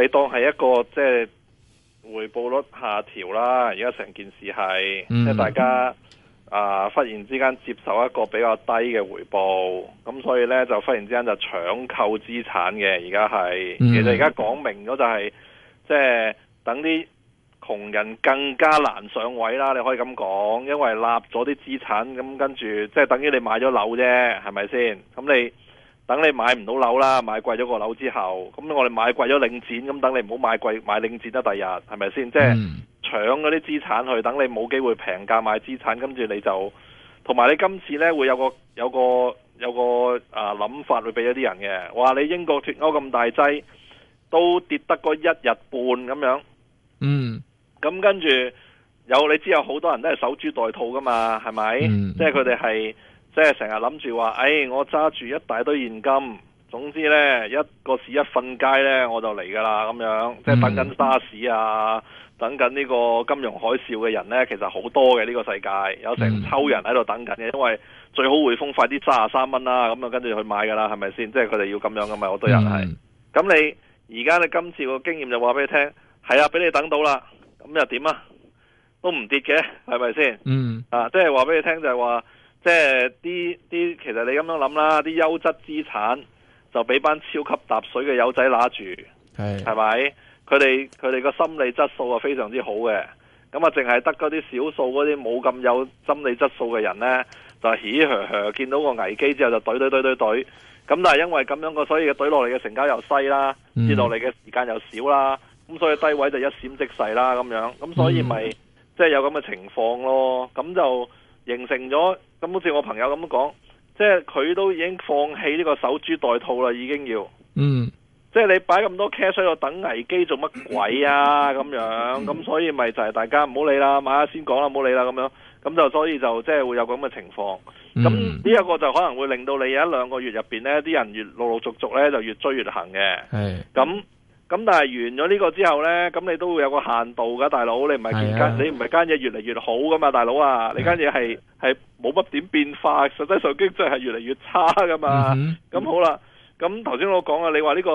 你當係一個即係回報率下調啦，而家成件事係即係大家啊忽然之間接受一個比較低嘅回報，咁所以呢，就忽然之間就搶購資產嘅，而家係其實而家講明咗就係，即係等啲窮人更加難上位啦，你可以咁講，因為立咗啲資產，咁跟住即係等於你買咗樓啫，係咪先？咁你。等你買唔到樓啦，買貴咗個樓之後，咁我哋買貴咗領展，咁等你唔好買貴買領展得第日係咪先？即係、就是、搶嗰啲資產去，等你冇機會平價買資產，跟住你就同埋你今次呢會有個有個有個啊諗、呃、法會俾咗啲人嘅，話你英國脫歐咁大劑都跌得嗰一日半咁樣，嗯，咁跟住有你知有好多人都係守株待兔噶嘛，係咪？嗯、即係佢哋係。即係成日諗住話，誒、哎，我揸住一大堆現金，總之呢，一個市一瞓街呢，我就嚟㗎喇。咁樣，即係等緊沙士啊，嗯、等緊呢個金融海嘯嘅人呢，其實好多嘅呢、這個世界有成抽人喺度等緊嘅、嗯，因為最好匯豐快啲揸三蚊啦，咁啊跟住去買㗎喇，係咪先？即係佢哋要咁樣㗎嘛，好多人係。咁、嗯、你而家你今次個經驗就話俾你聽，係啊，俾你等到啦，咁又點啊？都唔跌嘅，係咪先？嗯。啊，即係話俾你聽就係話。即係啲啲，其實你咁樣諗啦，啲優質資產就俾班超級踏水嘅友仔拿住，係係咪？佢哋佢哋個心理質素係非常之好嘅，咁啊淨係得嗰啲少數嗰啲冇咁有心理質素嘅人呢，就起起起見到個危機之後就懟懟懟懟懟，咁但係因為咁樣個，所以懟落嚟嘅成交又細啦，跌落嚟嘅時間又少啦，咁、嗯、所以低位就一閃即逝啦，咁樣咁所以咪即係有咁嘅情況咯，咁就形成咗。咁好似我朋友咁講，即係佢都已經放棄呢個守株待兔啦，已經要。嗯，即係你擺咁多 cash 喺度等危機做乜鬼啊？咁樣，咁所以咪就係大家唔好理啦，買下先講啦，唔好理啦咁樣，咁就所以就，就，所以就即係會有咁嘅情況。咁呢一個就可能會令到你一兩個月入邊呢啲人越陸陸續續呢，就越追越行嘅。係咁。咁但係完咗呢個之後呢，咁你都會有個限度噶，大佬，你唔係間，啊、你唔係間嘢越嚟越好噶嘛，大佬啊，你間嘢係係冇乜點變化，實際上經濟係越嚟越差噶嘛。咁、嗯、好啦，咁頭先我講啊，你話呢個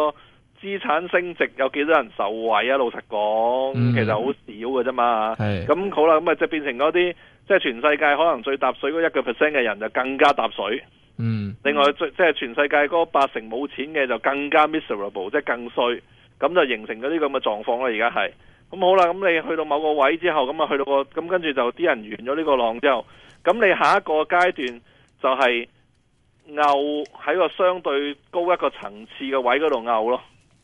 資產升值有幾多人受惠啊？老實講，嗯、其實少、啊、好少噶啫嘛。咁好啦，咁啊即係變成嗰啲，即、就、係、是、全世界可能最搭水嗰一個 percent 嘅人就更加搭水。嗯。另外，即、嗯、係全世界嗰八成冇錢嘅就更加 miserable，即係更衰。咁就形成咗啲咁嘅狀況啦。而家係咁好啦，咁你去到某個位之後，咁啊去到個咁，跟住就啲人完咗呢個浪之後，咁你下一個階段就係拗喺個相對高一個層次嘅位嗰度拗咯。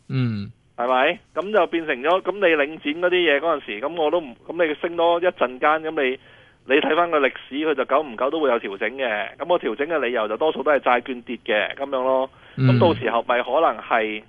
嗯，係咪？咁就變成咗咁你領展嗰啲嘢嗰陣時，咁我都唔咁你升多一陣間，咁你你睇翻個歷史，佢就久唔久都會有調整嘅。咁個調整嘅理由就多數都係債券跌嘅咁樣咯。咁到時候咪可能係。嗯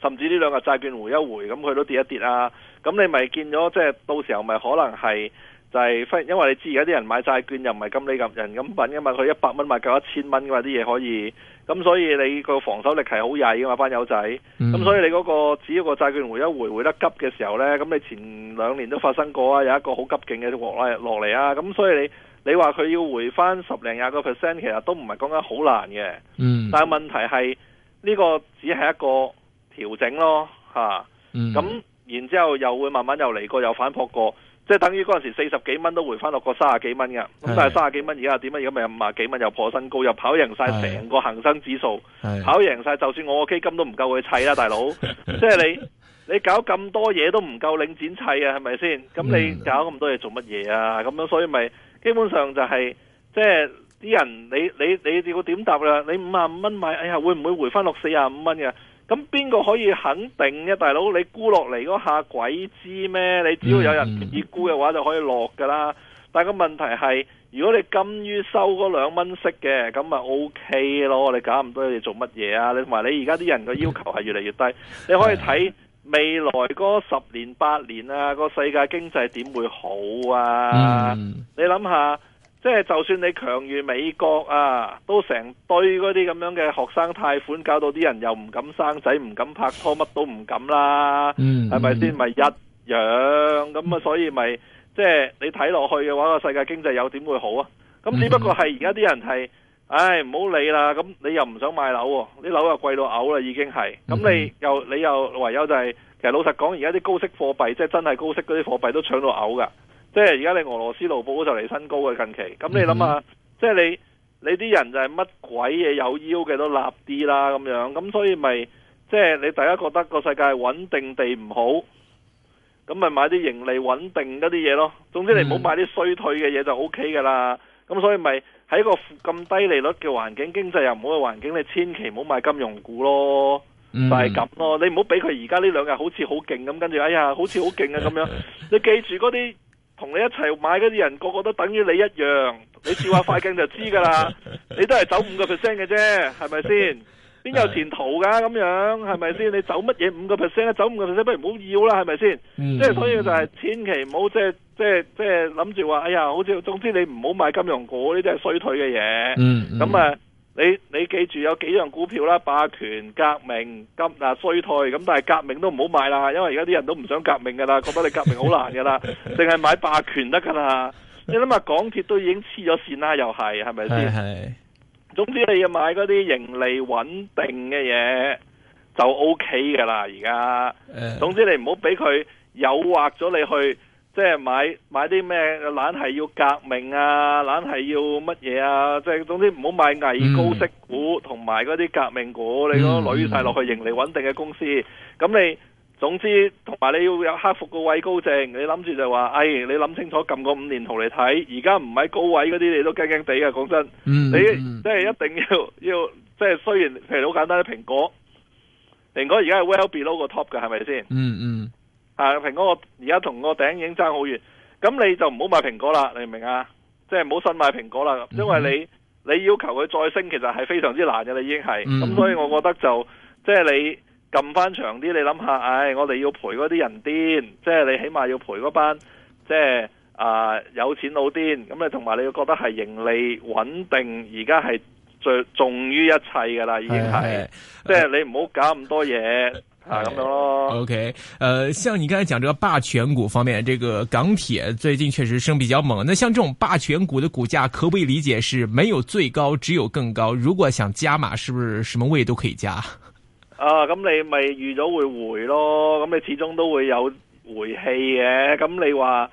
甚至呢兩個債券回一回，咁佢都跌一跌啊。咁你咪見咗，即係到時候咪可能係就係、是，因為你知而家啲人買債券又唔係咁你咁人咁品㗎嘛。佢一百蚊買夠一千蚊嘅話，啲嘢可以咁，所以你個防守力係好曳㗎嘛，班友仔咁。所以你嗰、那個只要個債券回一回回得急嘅時候呢，咁你前兩年都發生過啊，有一個好急勁嘅鑊落嚟落嚟啊。咁所以你你話佢要回翻十零廿個 percent，其實都唔係講緊好難嘅。嗯、但係問題係呢、這個只係一個。調整咯，咁、啊嗯、然之後又會慢慢又嚟過，又反撲過，即係等於嗰陣時四十幾蚊都回翻落個三十幾蚊嘅，咁但係三十幾蚊而家點啊？而家咪五啊幾蚊又破新高，又跑贏晒成個恒生指數，跑贏晒就算我個基金都唔夠佢砌啦，大佬，即 係你你搞咁多嘢都唔夠領展砌是是啊，係咪先？咁你搞咁多嘢做乜嘢啊？咁樣所以咪、就是、基本上就係、是、即係啲人，你你你你要點答啦？你五啊五蚊買，哎呀，會唔會回翻落四啊五蚊嘅？咁邊個可以肯定啫，大佬？你沽落嚟嗰下鬼知咩？你只要有人願意沽嘅話就可以落噶啦。但係個問題係，如果你甘於收嗰兩蚊息嘅，咁咪 O K 咯。你搞唔到你做乜嘢啊？你同埋你而家啲人嘅要求係越嚟越低。 你可以睇未來嗰十年八年啊，個世界經濟點會好啊？嗯、你諗下。即係就算你強於美國啊，都成堆嗰啲咁樣嘅學生貸款，搞到啲人又唔敢生仔，唔敢拍拖，乜都唔敢啦，係咪先？咪一樣咁啊？嗯就是嗯、所以咪即係你睇落去嘅話，個世界經濟有點會好啊？咁只不過係而家啲人係，唉唔好理啦。咁你又唔想買樓，啊？啲樓又貴到嘔啦，已經係。咁你又你又唯有就係、是，其實老實講，而家啲高息貨幣，即係真係高息嗰啲貨幣都搶到嘔噶。即係而家你俄羅斯盧布就嚟新高嘅近期，咁你諗下、嗯，即係你你啲人就係乜鬼嘢有腰嘅都立啲啦咁樣，咁所以咪即係你大家覺得個世界穩定地唔好，咁咪買啲盈利穩定一啲嘢咯。總之你唔好買啲衰退嘅嘢就 O K 噶啦。咁、嗯、所以咪喺一個咁低利率嘅環境，經濟又唔好嘅環境，你千祈唔好買金融股咯，嗯、就係、是、咁咯。你唔好俾佢而家呢兩日好似好勁咁，跟住哎呀好似好勁啊咁樣。你記住嗰啲。同你一齊買嗰啲人個個都等於你一樣，你照下塊鏡就知㗎啦。 你都係走五個 percent 嘅啫，係咪先？邊 有前途㗎咁樣？係咪先？Okay. 你走乜嘢五個 percent 咧？走五個 percent 不如唔好要啦，係咪先？即係所以就係、是、千祈唔好即係即係即係諗住話，哎呀，好似總之你唔好買金融股呢啲係衰退嘅嘢。嗯、mm、嗯 -hmm。咁啊。你你記住有幾樣股票啦，霸權、革命、咁、啊、衰退咁，但係革命都唔好買啦，因為而家啲人都唔想革命噶啦，覺得你革命好難噶啦，淨 係買霸權得噶啦。你諗下港鐵都已經黐咗線啦，又係，係咪先？係 總之你要買嗰啲盈利穩定嘅嘢就 OK 噶啦，而家。誒，總之你唔好俾佢誘惑咗你去。即係買買啲咩，懶係要革命啊，懶係要乜嘢啊？即係總之唔好買偽高息股同埋嗰啲革命股，嗯、你攞女晒落去盈利穩定嘅公司。咁、嗯、你總之同埋你要有克服個位高症。你諗住就話，哎，你諗清楚，撳個五年圖嚟睇，而家唔係高位嗰啲，你都驚驚地嘅。講真，你即係一定要要，即係雖然譬如好簡單啲蘋果，蘋果而家係 well below 個 top 嘅，係咪先？嗯嗯。啊！蘋果，我而家同個頂已經爭好遠，咁你就唔好買蘋果啦，你明唔明啊？即係唔好新買蘋果啦，因為你你要求佢再升，其實係非常之難嘅，你已經係咁，所以我覺得就即係、就是、你撳翻長啲，你諗下，唉、哎，我哋要賠嗰啲人癲，即、就、係、是、你起碼要賠嗰班，即係啊有錢佬癲，咁你同埋你要覺得係盈利穩定，而家係最重於一切㗎啦，已經係，即係、就是、你唔好搞咁多嘢。係咁樣咯，OK，誒、呃，像你剛才講這個霸權股方面，這個港鐵最近確實升比較猛。那像這種霸權股的股價，可不可以理解是沒有最高，只有更高？如果想加碼，是不是什麼位都可以加？啊，咁你咪預咗會回咯，咁你始終都會有回氣嘅。咁你話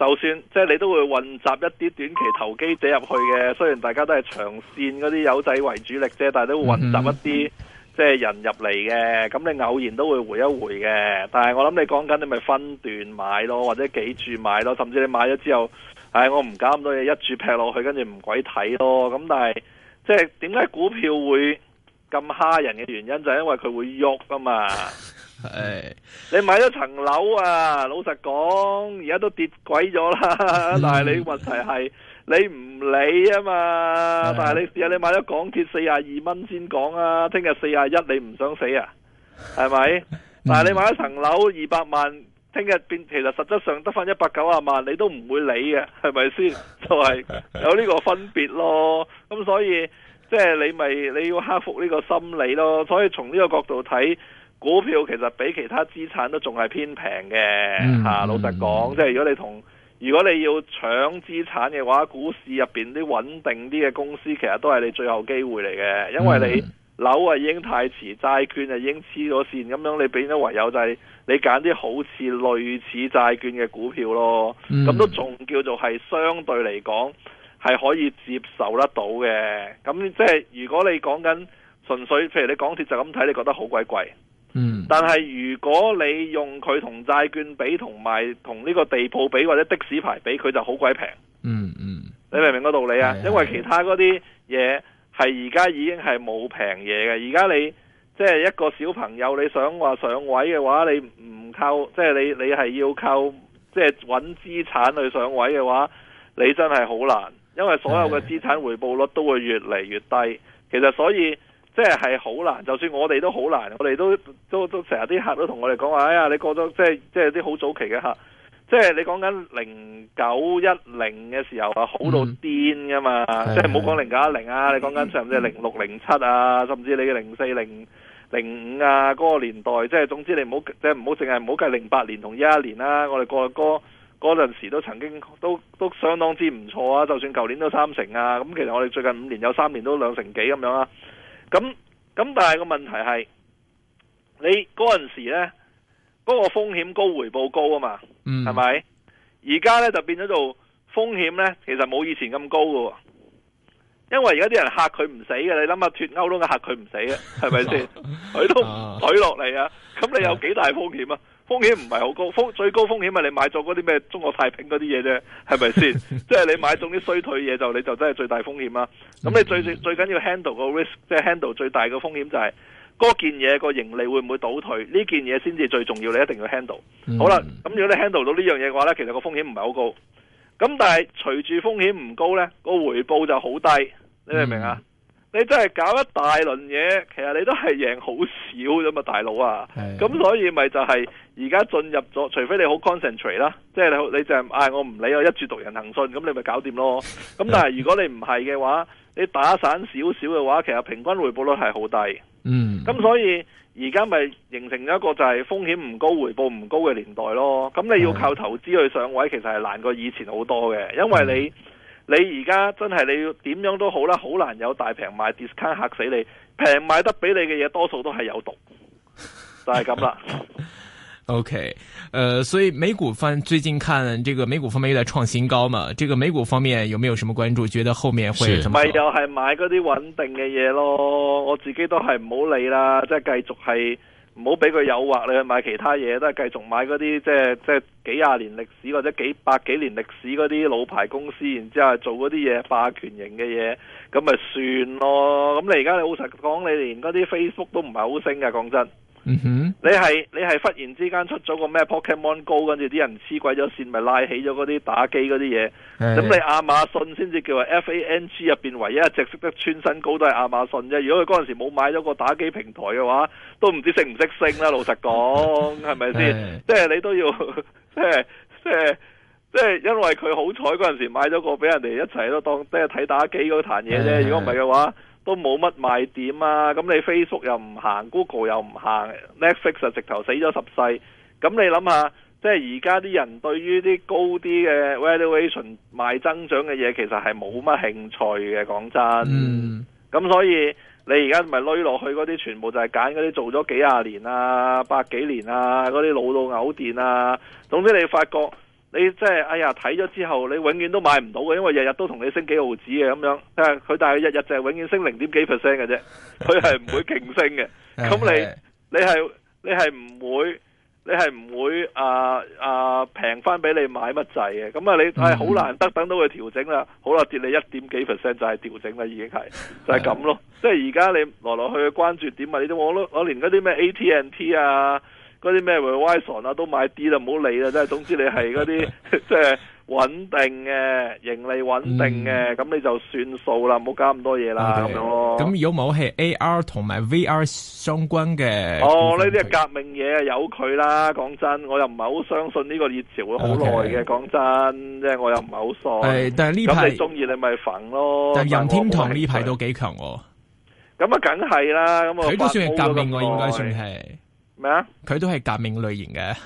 就算即係你都會混集一啲短期投機者入去嘅，雖然大家都係長線嗰啲友仔為主力啫，但係都混集一啲。即係人入嚟嘅，咁你偶然都會回一回嘅。但係我諗你講緊你咪分段買咯，或者幾注買咯，甚至你買咗之後，唉、哎，我唔搞咁多嘢，一注劈落去，跟住唔鬼睇咯。咁但係即係點解股票會咁蝦人嘅原因，就係、因為佢會喐啊嘛。係 你買咗層樓啊，老實講而家都跌鬼咗啦。但係你問題係。 你唔理啊嘛，但係你試下你買咗港鐵四廿二蚊先講啊，聽日四廿一你唔想死啊？係咪、嗯？但係你買一層樓二百萬，聽日變其實實質上得返一百九廿萬，你都唔會理嘅，係咪先？就係、是、有呢個分別咯。咁所以即係、就是、你咪你要克服呢個心理咯。所以從呢個角度睇，股票其實比其他資產都仲係偏平嘅。吓、嗯，老實講、嗯，即係如果你同。如果你要搶資產嘅話，股市入邊啲穩定啲嘅公司，其實都係你最後機會嚟嘅，因為你樓啊已經太遲，債券啊已經黐咗線，咁樣你變咗唯有就係你揀啲好似類似債券嘅股票咯，咁、嗯、都仲叫做係相對嚟講係可以接受得到嘅。咁即係如果你講緊純粹，譬如你港鐵就咁睇，你覺得好鬼貴貴。但係如果你用佢同債券比，同埋同呢個地鋪比或者的士牌比，佢就好鬼平。嗯嗯，你明唔明個道理啊？因為其他嗰啲嘢係而家已經係冇平嘢嘅。而家你即係、就是、一個小朋友，你想話上位嘅話，你唔靠即係、就是、你你係要靠即係揾資產去上位嘅話，你真係好難，因為所有嘅資產回報率都會越嚟越低。其實所以。即係好難，就算我哋都好難，我哋都都都成日啲客都同我哋講話，哎呀，你過咗即係即係啲好早期嘅客，即係你講緊零九一零嘅時候，嗯嗯，啊，好到癲㗎嘛，即係唔好講零九一零啊，你講緊甚至零六零七啊，甚至你嘅零四零零五啊嗰，嗰個年代，即係總之你唔好即係唔好淨係唔好計零八年同一一年啦，啊，我哋過嗰嗰陣時都曾經都都相當之唔錯啊，就算舊年都三成啊，咁其實我哋最近五年有三年都兩成幾咁樣啊。咁咁，但係個問題係，你嗰陣時咧，嗰、嗰個風險高回報高啊嘛，係、嗯、咪？而家咧就變咗做風險咧，其實冇以前咁高噶，因為而家啲人吓佢唔死嘅，你諗 是吧 下脫歐都吓佢唔死㗎，係咪先？佢都唔落嚟啊，咁你有幾大風險啊？風險唔係好高，風最高風險係你買咗嗰啲咩中國太平嗰啲嘢啫，係咪先？即 係你買中啲衰退嘢就你就真係最大風險啦。咁你最、mm -hmm. 最緊要 handle 個 risk，即係 handle 最大嘅風險就係、是、嗰件嘢個盈利會唔會倒退？呢件嘢先至最重要，你一定要 handle。Mm -hmm. 好啦，咁如果你 handle 到呢樣嘢嘅話呢，其實個風險唔係好高。咁但係隨住風險唔高呢，個回報就好低。你明唔明啊？Mm -hmm. 你真係搞一大輪嘢，其實你都係贏好少咋嘛，大佬啊！咁所以咪就係而家進入咗，除非你好 concentrate 啦，即係你你就係、是、嗌、哎、我唔理我一注獨贏騰訊，咁你咪搞掂咯。咁但係如果你唔係嘅話， 你打散少少嘅話，其實平均回報率係好低。嗯，咁所以而家咪形成咗一個就係風險唔高、回報唔高嘅年代咯。咁你要靠投資去上位，其實係難過以前好多嘅，因為你。嗯你而家真係你要點樣都好啦，好難有大平賣 discount 嚇死你，平賣得俾你嘅嘢多數都係有毒，就係咁啦。 OK，誒、呃，所以美股方最近看這個美股方面又在創新高嘛，這個美股方面有沒有什麼關注？覺得後面會唔係又係買嗰啲穩定嘅嘢咯？我自己都係唔好理啦，即係繼續係。唔好俾佢誘惑你去買其他嘢，都係繼續買嗰啲即係即係幾廿年歷史或者幾百幾年歷史嗰啲老牌公司，然之後做嗰啲嘢霸權型嘅嘢，咁咪算咯。咁你而家你老實講，你連嗰啲 Facebook 都唔係好升㗎。講真。嗯、mm -hmm. 你係你係忽然之間出咗個咩 Pokemon Go，跟住啲人黐鬼咗線，咪拉起咗嗰啲打機嗰啲嘢。咁你亞馬遜先至叫話 FANG 入邊唯一一隻識得穿新高都係亞馬遜啫。如果佢嗰陣時冇買咗個打機平台嘅話，都唔知識唔識升唔識升啦。 老實講，係咪先？即係、即係、你都要，即係即係即係，即係即係、因為佢好彩嗰陣時買咗個俾人哋一齊都當即係睇打機嗰壇嘢啫。如果唔係嘅話。都冇乜賣點啊！咁你 Facebook 又唔行，Google 又唔行，Netflix 就直頭死咗十世。咁你諗下，即係而家啲人對於啲高啲嘅 valuation 賣增長嘅嘢，其實係冇乜興趣嘅。講真，咁、mm. 所以你而家咪濾落去嗰啲，全部就係揀嗰啲做咗幾廿年啊、百幾年啊、嗰啲老到嘔電啊。總之你發覺。你即係哎呀睇咗之後，你永遠都買唔到嘅，因為日日都同你升幾毫子嘅咁樣。誒，佢但係日日就係永遠升零點幾 percent 嘅啫，佢係唔會勁升嘅。咁你你係你係唔會你係唔會啊啊平翻俾你買乜滯嘅？咁啊你係好難得等到佢調整啦。好啦，跌你一點幾 percent 就係、是、調整啦，已經係就係、是、咁咯。 即係而家你來來去去關注點啊，你都我我連嗰啲咩 AT&T 啊。嗰啲咩 w i 啊，都買啲啦，唔好理啦。即係總之你係嗰啲即係穩定嘅，盈利穩定嘅，咁、嗯、你就算數啦，唔好搞咁多嘢啦，咁樣咯。咁有冇係 AR 同埋 VR 相關嘅？哦，呢啲係革命嘢，有佢啦。講真，我又唔係好相信呢個熱潮會好耐嘅。講、okay，真，即係我又唔係好傻。但係呢排你中意你咪煩咯。但任天堂呢排都幾強喎。咁啊，梗係啦。咁我佢都算係革命該是，我應該算係。咩啊？佢都係革命類型嘅。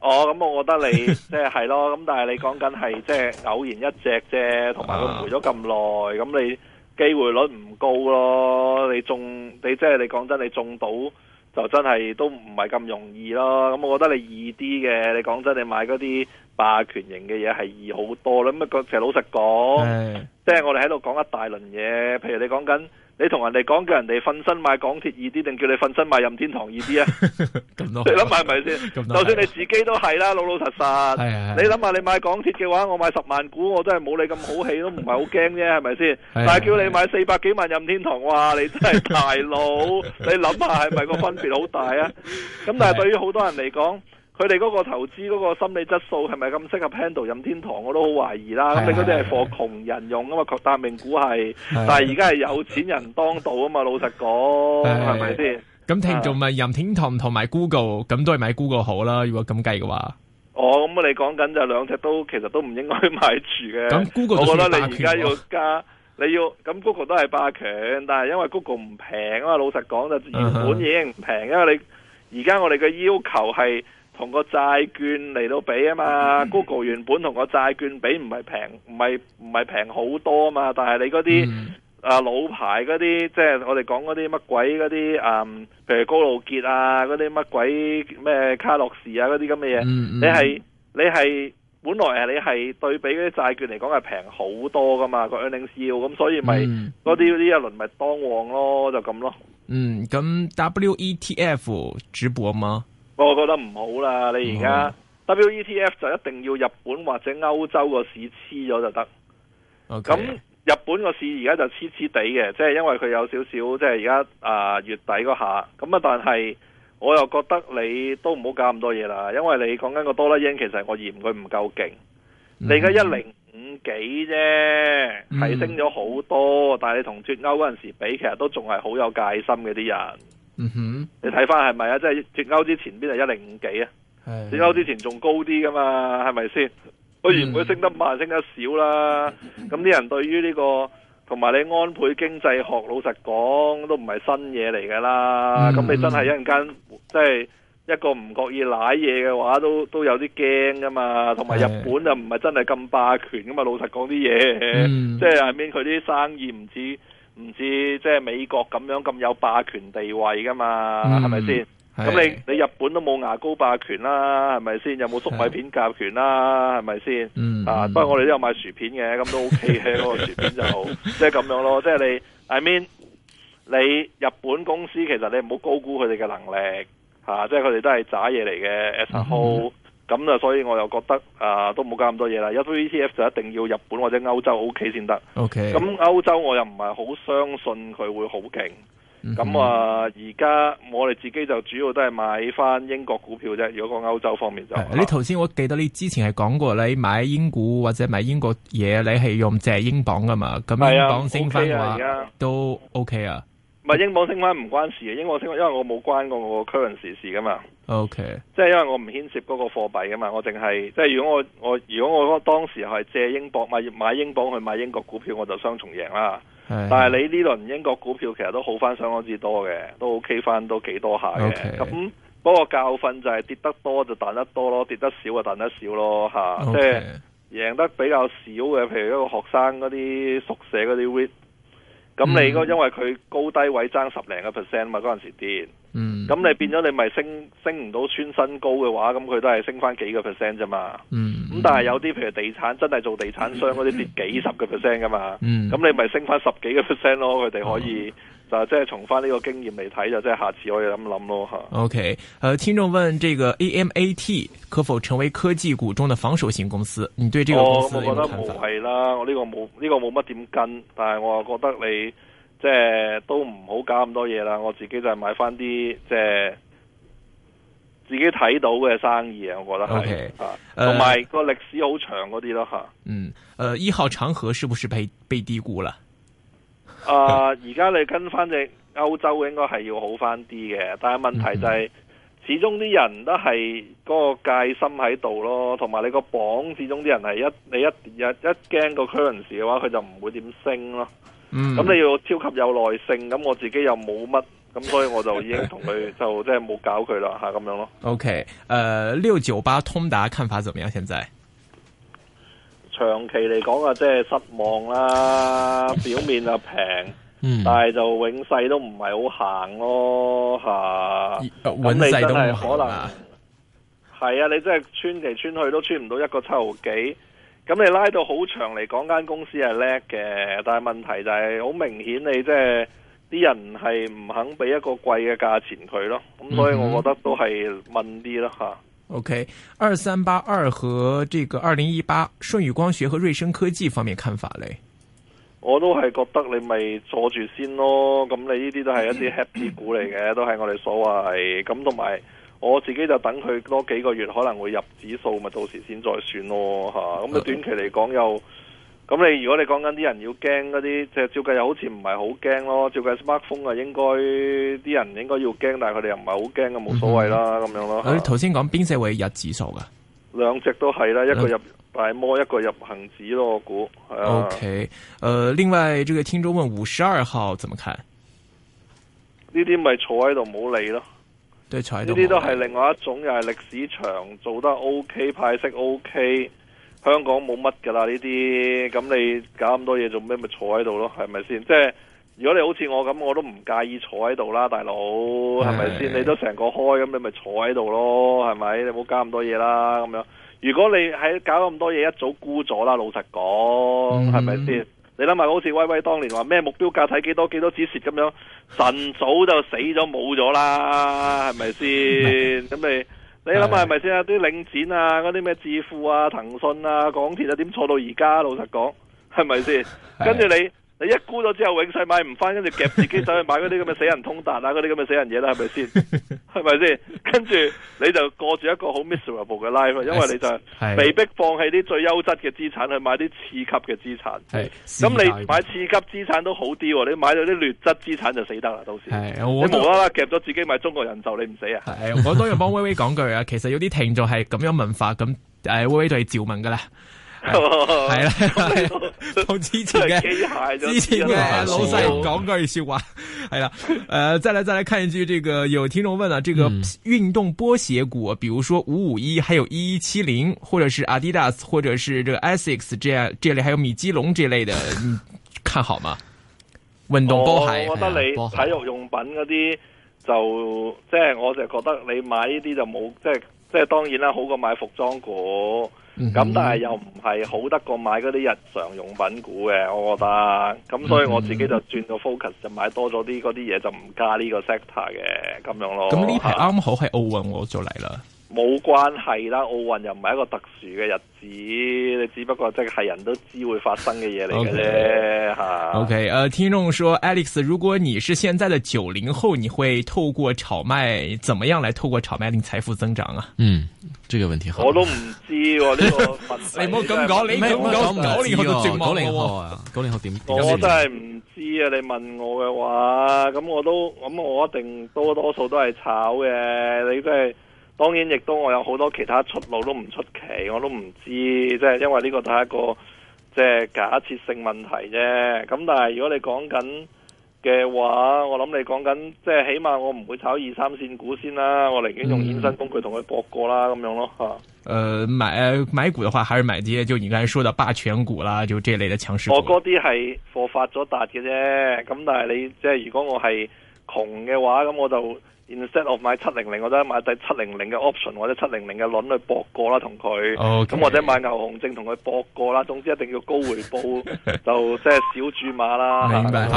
哦、咁、嗯、我覺得你即係係咯。咁、就是、 但係你講緊係即係偶然一隻啫，同埋佢回咗咁耐，咁、啊、你機會率唔高咯。你中你即係、就是、你講真，你中到就真係都唔係咁容易咯。咁、嗯、我覺得你易啲嘅。你講真，你買嗰啲霸權型嘅嘢係易好多啦。咁啊，其實老實講，即係我哋喺度講一大輪嘢，譬如你講緊。你同人哋講，叫人哋瞓身買港鐵易啲，定叫你瞓身買任天堂易啲啊？你諗下係咪先？就算你自己都係啦， 老老實實。你諗下，你買港鐵嘅話，我買十萬股，我都係冇你咁好氣，都唔係好驚啫，係咪先？但係叫你買四百幾萬任天堂，哇！你真係大佬， 你諗下係咪個分別好大啊？咁但係對於好多人嚟講。佢哋嗰個投資嗰個心理質素係咪咁適合 handle 任天堂？我都好懷疑啦。咁你嗰啲係貨窮人用啊嘛，大名估係，但係而家係有錢人當道啊嘛，老實講，係咪先？咁聽眾咪任天堂同埋 Google，咁都係買 Google 好啦。如果咁計嘅話，哦，咁你哋講緊就兩隻都其實都唔應該買住嘅。咁 Google 我覺得你而家要加， 你要咁 Google 都係霸權，但係因為 Google 唔平啊嘛，老實講就原本已經唔平，uh -huh. 因為你而家我哋嘅要求係。同個債券嚟到比啊嘛、嗯、，Google 原本同個債券比唔係平，唔係唔係平好多啊嘛。但係你嗰啲、嗯、啊老牌嗰啲，即係我哋講嗰啲乜鬼嗰啲啊，譬如高露潔啊，嗰啲乜鬼咩卡洛士啊，嗰啲咁嘅嘢，你係你係本來啊，你係對比嗰啲債券嚟講係平好多噶嘛，個 Unning o 咁，所以咪嗰啲呢一輪咪當旺咯，就咁咯。嗯，咁 WETF 主播嗎？我覺得唔好啦，你而家 WETF 就一定要日本或者歐洲個市黐咗就得。咁、okay. 日本個市而家就黐黐地嘅，即係因為佢有少少即係而家啊月底嗰下咁啊。但係我又覺得你都唔好搞咁多嘢啦，因為你講緊個多啦因其實我嫌佢唔夠勁。你105而家一零五幾啫，提升咗好多，mm -hmm. 但你同脱歐嗰陣時比，其實都仲係好有戒心嘅啲人。嗯哼，你睇翻係咪啊？即係直歐之前邊係一零五幾啊？直歐之前仲高啲噶嘛？係咪先？佢原本升得慢，嗯、升得少啦。咁啲人對於呢、這個同埋你安倍經濟學，老實講都唔係新嘢嚟噶啦。咁、嗯、你真係一陣間即係一個唔覺意舐嘢嘅話，都都有啲驚噶嘛。同埋日本就唔係真係咁霸權噶嘛。老實講啲嘢，即係後邊佢啲生意唔似。唔似即係美國咁樣咁有霸權地位噶嘛，係咪先？咁你你日本都冇牙膏霸權啦，係咪先？有冇粟米片甲權啦，係咪先？啊，不過我哋都有賣薯片嘅，咁都 OK 嘅，嗰 個薯片就即係咁樣咯。即係你，I mean，你日本公司其實你唔好高估佢哋嘅能力吓，即係佢哋都係渣嘢嚟嘅，as a whole。咁啊，所以我又覺得啊、呃，都冇加咁多嘢啦。一啲 E T F 就一定要日本或者歐洲 O K 先得。O K，咁歐洲我又唔係好相信佢會好勁。咁、嗯、啊，而家我哋自己就主要都係買翻英國股票啫。如果講歐洲方面就，啊、你頭先我記得你之前係講過你買英股或者買英國嘢，你係用借英鎊噶嘛？咁英鎊升翻而家都 O K 啊。唔係英鎊升翻唔關事嘅，英鎊升返，因為我冇關過我個 currency 事噶嘛。O、okay. K，即係因為我唔牽涉嗰個貨幣噶嘛，我淨係即係如果我我如果我當時係借英鎊買買英鎊去買英國股票，我就雙重贏啦。但係你呢輪英國股票其實都好翻相當之多嘅，都 O K 翻都幾多下嘅。咁、okay. 不過教訓就係跌得多就彈得多咯，跌得少就彈得少咯吓。Okay. 即係贏得比較少嘅，譬如一個學生嗰啲宿舍嗰啲咁、嗯、你嗰因為佢高低位爭十零個 percent 嘛，嗰陣時跌，咁、嗯、你變咗你咪升升唔到穿新高嘅話，咁佢都係升翻幾個 percent 啫嘛，咁、嗯嗯、但係有啲譬如地產真係做地產商嗰啲跌幾十個 percent 噶嘛，咁、嗯、你咪升翻十幾個 percent 咯，佢哋可以。哦嗱，即係從翻呢個經驗嚟睇就，即係下次可以咁諗咯吓。O K，誒，聽眾問這個 A M A T 可否成為科技股中的防守型公司？你對這個公司有咩看法？我、哦、我覺得冇係啦，我呢個冇呢、呢個冇乜點跟，但係我又覺得你即係、呃、都唔好搞咁多嘢啦。我自己就係買翻啲即係自己睇到嘅生意啊，我覺得係、okay, 呃、啊，同埋個歷史好長嗰啲咯吓。嗯，誒、呃，一號長河是不是被被低估啦？啊、 呃！而家你跟翻隻歐洲應該係要好翻啲嘅，但係問題就係、是嗯嗯、始終啲人都係嗰個戒心喺度咯，同埋你個榜始終啲人係一你一日一驚個 currency 嘅話，佢就唔會點升咯。咁、嗯、你要超級有耐性。咁我自己又冇乜，咁所以我就已經同佢 就即係冇搞佢啦，吓、啊、咁樣咯。OK，誒、呃，六九八通達看法怎麼樣？現在？長期嚟講啊，即係失望啦，表面啊平、 嗯，但係就永世都唔係好行咯，吓、啊、你真係都可能係啊，你真係穿嚟穿去都穿唔到一個七毫幾，咁你拉到好長嚟講，間公司係叻嘅，但係問題就係好明顯、就是，你即係啲人係唔肯俾一個貴嘅價錢佢咯，咁所以我覺得都係問啲咯，吓、嗯。O K，二三八二和這個二零一八舜宇光學和瑞聲科技方面看法呢，我都係覺得你咪坐住先咯，咁你呢啲都係一啲 happy 股嚟嘅，都係我哋所謂咁，同埋我自己就等佢多幾個月，可能會入指數，咪到時先再算咯吓，咁啊短期嚟講又。咁你如果你講緊啲人要驚嗰啲，即係照計又好似唔係好驚咯。照計 smartphone 啊，應該啲人應該要驚，但係佢哋又唔係好驚嘅，冇所謂啦，咁、嗯、樣咯。我哋頭先講邊隻位入指數噶？兩隻都係啦、嗯，一個入大摩，一個入恒指咯，我估。Okay, 啊 O K，呃，另外這個聽眾問五十二號怎麼看？呢啲咪坐喺度冇理咯。對，坐喺度冇理。呢啲都係另外一種，又係歷史長，做得 O、okay, K，派息 O K。香港冇乜噶啦呢啲，咁你搞咁多嘢做咩？咪坐喺度咯，係咪先？即係如果你好似我咁，我都唔介意坐喺度啦，大佬，係咪先？你都成個開咁，你咪坐喺度咯，係咪？你冇搞咁多嘢啦，咁樣。如果你喺搞咁多嘢，一早沽咗啦，老實講，係咪先？你諗下，好似威威當年話咩目標價睇幾多幾多止蝕咁樣，晨早就死咗冇咗啦，係咪先？咁、mm -hmm. 你。你諗下係咪先啊？啲領展啊，嗰啲咩置富啊，騰訊啊，港鐵啊，點坐到而家啊？老實講，係咪先？ 跟住你。你一沽咗之後永世買唔翻，跟住夾自己手去買嗰啲咁嘅死人通達啊，嗰啲咁嘅死人嘢啦，係咪先？係咪先？跟住你就過住一個好 miserable 嘅 life，因為你就被逼放棄啲最優質嘅資產，去買啲次級嘅資產。係，咁你買次級資產都好啲，你買咗啲劣質資產就死得啦。到時我覺得你無啦啦夾咗自己買中國人壽，你唔死啊？我都要幫威威講句啊，其實有啲聽眾係咁樣問法，咁誒，威威就係照問噶啦。係啦，同之前嘅， 鞋了 之前老細講句說話，係啦，誒，再來再來看一句，這個有聽眾問啦，啊，這個運動波鞋股、啊，比如說五五一，還有一一七零，或者是 Adidas，或者是這個 Asics 這樣這類還有米基龍這類的， 看好嗎？運、哦、動波鞋，我覺得你體育用品嗰啲，就即、是、係我就覺得你買呢啲就冇即係。就是即係當然啦，好過買服裝股，咁但係又唔係好得過買嗰啲日常用品股嘅，我覺得。咁所以我自己就轉咗 focus，就買多咗啲嗰啲嘢，就唔加呢個 sector 嘅咁樣咯。咁呢排啱好係奧運我做，我就嚟啦。冇關係啦，奧運又唔係一個特殊嘅日子，你只不過即係人都知會發生嘅嘢嚟嘅啫，吓、okay. 啊。O K，誒，聽眾說 Alex，如果你是現在嘅九零後，你會透過炒賣，怎麼樣來透過炒賣令財富增長啊？嗯，這個問題我都唔知喎、啊呢個， 你唔好咁講，你九零後都絕望、啊，九零後啊，九零後點？我真係唔知啊，你問我嘅話，咁、嗯、我都咁、嗯、我一定多多數都係炒嘅，你真係。當然，亦都我有好多其他出路都唔出奇，我都唔知，即係因為呢個都係一個即係假設性問題啫。咁但係如果你講緊嘅話，我諗你講緊即係起碼我唔會炒二三線股先啦，我寧願用衍生工具同佢搏過啦咁、嗯、樣咯吓。誒、呃，買買股嘅話，還是買啲就你剛才說的霸權股啦，就這類的強勢。我嗰啲係貨發咗達嘅啫，咁但係你即係如果我係窮嘅話，咁我就。Of 700, instead 我買七零零，我都買第七零零嘅 option 或者七零零嘅輪去搏過啦，同佢，咁或者買牛熊證同佢搏過啦。總之一定要高回報，就即係小注碼啦。明白。